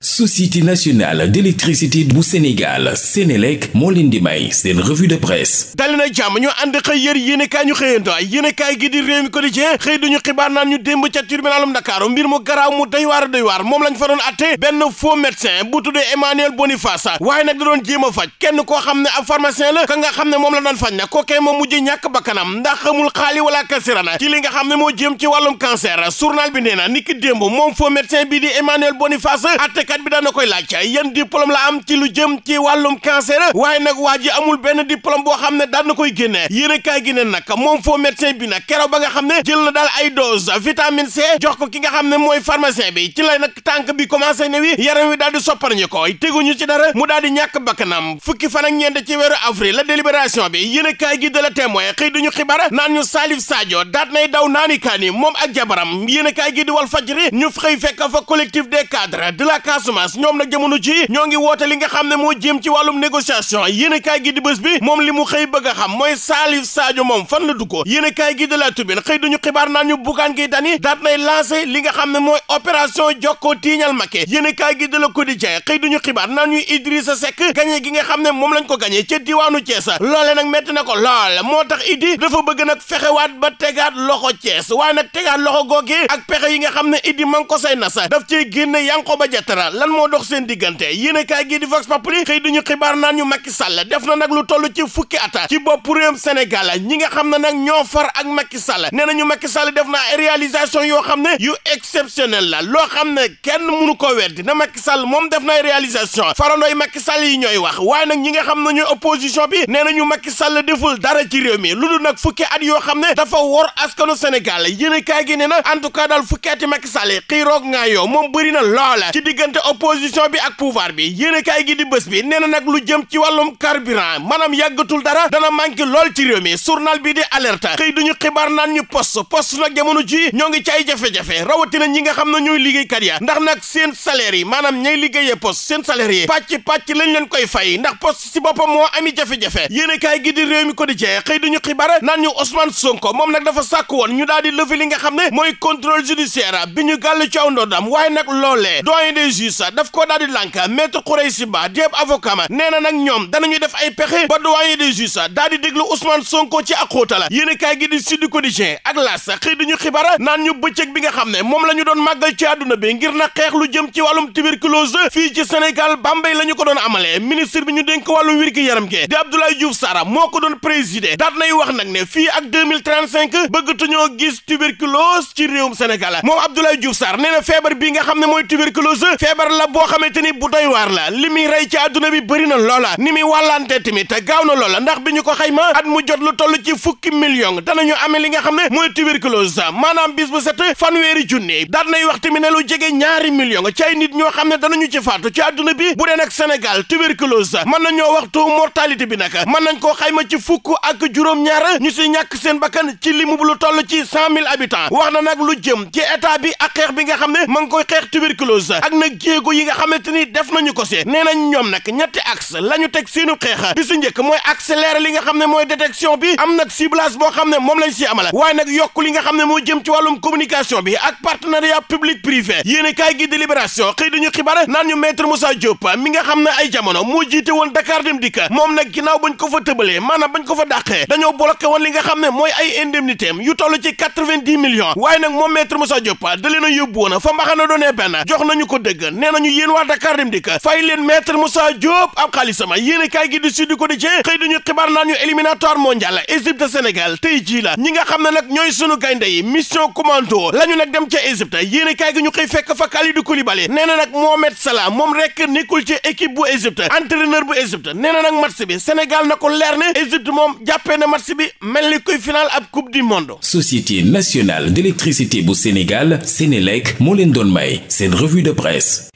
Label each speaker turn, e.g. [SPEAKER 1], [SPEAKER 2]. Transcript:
[SPEAKER 1] société nationale d'électricité bu Sénégal Sénélec moo leen di may seen revue de presse dali na jàmm ñu ànd xëy yër yéenekaay ñu xëyanto yéenekaay gi di Rewmi Quotidien xëy duñu xibaar naan ñu démb ca tribunalum Dakar mbir mu garaaw mu doy waar moom lañ fa doon atte benn faux médecin bu tuddee Emmanuel Boniface waaye nag da doon jéem a faj kenn koo xam ne a pharmacien la ka nga xam ne moom la doon faj na kookee moom mujj ñàkk bakkanam ndax xamul xaali li nga xam ne moo jëm ci wàllum cancer journal bi nee na niki démb bi liggéeykat bi dana koy laaj yan diplôme la am ci lu jëm ci wàllum cancer waaye nag waa amul benn diplôme boo xam ne daan na koy génne yéen kaay gi ne nag moom foo médecin bi na keroog ba nga xam ne jël na daal ay dose vitamine C jox ko ki nga xam ne mooy pharmacien bi ci lay nag tànk bi commencé ne wi yaram wi daal di sopparñu ko teguñu ci dara mu daal di ñàkk bakkanam fukki fan ak ñeent ci la délibération bi yéen kaay gi de la témoin xëy duñu Casamance ñoom nag jamono ji ñoo ngi woote li nga xam ne moo jëm ci wàllum négociation yéenekaay gi di bés moom li mu xëy bëgg a xam mooy Salif Sadio moom fan la duggoo yéenekaay gi de La Tribune xëy duñu xibaar naan ñu Bougane Gueye Dany daat nay lancé li nga xam ne mooy opération jokkoo tiiñal Macky yéenekaay gi de Le Quotidien xëy duñu xibaar naan ñu Idrissa Seck gagné gi nga xam ne moom lañ ko gagné ca diwaanu Thiès loole nag metti na ko lool moo tax Idi dafa ba tegaat loxo Thiès waaye nag tegaat loxo googi ak yi nga xam ne Idi man ko say nasa daf ciy génne an lan moo dox seen diggante yéenekaay gi di Vox Populi xëy duñu xibaar naan ñu Macky Sall def na nag lu toll ci fukki ata ci bopp réewum Sénégal ñi nga xam ne nag ñoo far ak Macky Sall nee nañu Macky Sall def na réalisation yoo xam ne yu exceptionnel la loo xam ne kenn mënu ko weddi na Macky Sall moom def na réalisation farandooy Macky Sall yi ñooy wax waaye nag ñi nga xam ne ñooy opposition bi nee nañu Macky Sall deful dara ci réew mi lu dul nag fukki at yoo xam ne dafa wor askanu Sénégal yéenekaay gi ne na en tout cas daal fukki ati Macky Sall xiiroog nga yow moom bëri na loola ci diggante diggante opposition bi ak pouvoir bi yéenekaay gi di bés bi nee na nag lu jëm ci wàllum carburant maanaam yàggatul dara dana manqué lool ci réew mi journal bi di alerte xëy ñu xibaar naan ñu pos pos nag jamono ji ñoo ngi ci ay jafe rawatina ñi nga xam na ñuy liggéeykat ya ndax nag seen salaire yi maanaam ñay liggéeyee poste seen salaire yi pàcc pàcc lañ leen koy fay ndax poste si boppam moo ami jafe-jafe yéenekaay gi di réew mi ko di jee xëy duñu xibaar naan ñu Ousmane Sonko moom nag dafa sàkk woon ñu daal di lëfi li nga xam ne mooy contrôle judiciaire bi ñu gàll ci aw ndodam waaye nag loolee justice daf koo daal di lànk maître Khoureychi Ba déeb avocat ma nee na nag ñoom danañuy def ay pexe ba doyen des juges daal di déglu Ousmane Sonko ci ak xóota la yéen kaay gi di Sud Quotidien ak L'As xëy di ñu xibaar naan ñu bëccëg bi nga xam ne moom la ñu doon màggal ci àdduna bi ngir na xeex lu jëm ci wàllum tuberculose fii ci Sénégal Bambey la ñu ko doon amalee ministre bi ñu dénk wàllum wér yaram gi di Abdoulaye Diouf Sarr moo ko doon présider daat feebar la boo xamante ni bu doy waar la li muy rey ci àdduna bi bëri na loola ni muy wàllante tamit gaaw na loola ndax bi ñu ko ma at mu jot lu toll ci fukki million ñu amee li nga xam ne mooy tuberculose maanaam bis bu set fanweeri junne daan nay wax tamit ne lu jege ñaari million ci nit ñoo xam ne danañu ci faatu ci àdduna bi bu dee nag Sénégal tuberculose mën nañoo waxtu mortalité bi nag mën nañ koo ma ci fukk ak juróom-ñaar ñu si ñàkk seen bakkan ci limu bu lu toll ci cent mille habitants wax na nag lu jëm ci état bi ak xam ne ma ngi koy xeex tuberculose ak nag jéego yi nga xam xamante ni def nañu ko si nee nañ ñoom nag ñetti axe la ñu teg seenu xeex bi njëkk mooy accélérer li nga xam ne mooy détection bi am nag ciblage boo xam ne moom lañ si amala waaye nag yokk li nga xam ne moo jëm ci wàllum communication bi ak partenariat public privé yéen kaay gi délibération xëy dañu xibaar naan ñu maître Moussa Diop mi nga xam ne ay jamono moo jiite woon Dakar dem dikk moom nag ginnaaw bañ ko fa tëbalee maanaam bañ ko fa dàqee dañoo bloqué woon li nga xam ne mooy ay indemnité yu toll ci quatre-vingt-dix waaye nag moom maître Moussa Diop da leen a yóbbu woon fa mbaxana doonee benn nañu ko dëgg nee nañu yéen waa Dakar Dem Dikk fay leen maître Moussa Diop ab xaalisama yéen a kaay gi di Sud Quotidien xëy duñu xibaar naan ñu éliminatoire mondial Égypte Sénégal tey jii la ñi nga xam ne nag ñooy sunu gaynde yi mission commando la ñu nag dem ca Égypte yéen a kaay gi ñu xëy fekk fa Kalidou Koulibaly nee na nag Mohamed Salah moom rek nekkul ci équipe bu Égypte entraîneur bu Égypte nee na nag match bi Sénégal na ko leer ne Égypte moom jàppee na match bi mel ni kuy final ab coupe du monde. Société nationale d'électricité bu Sénégal Sénélec moo leen doon may seen revue de presse.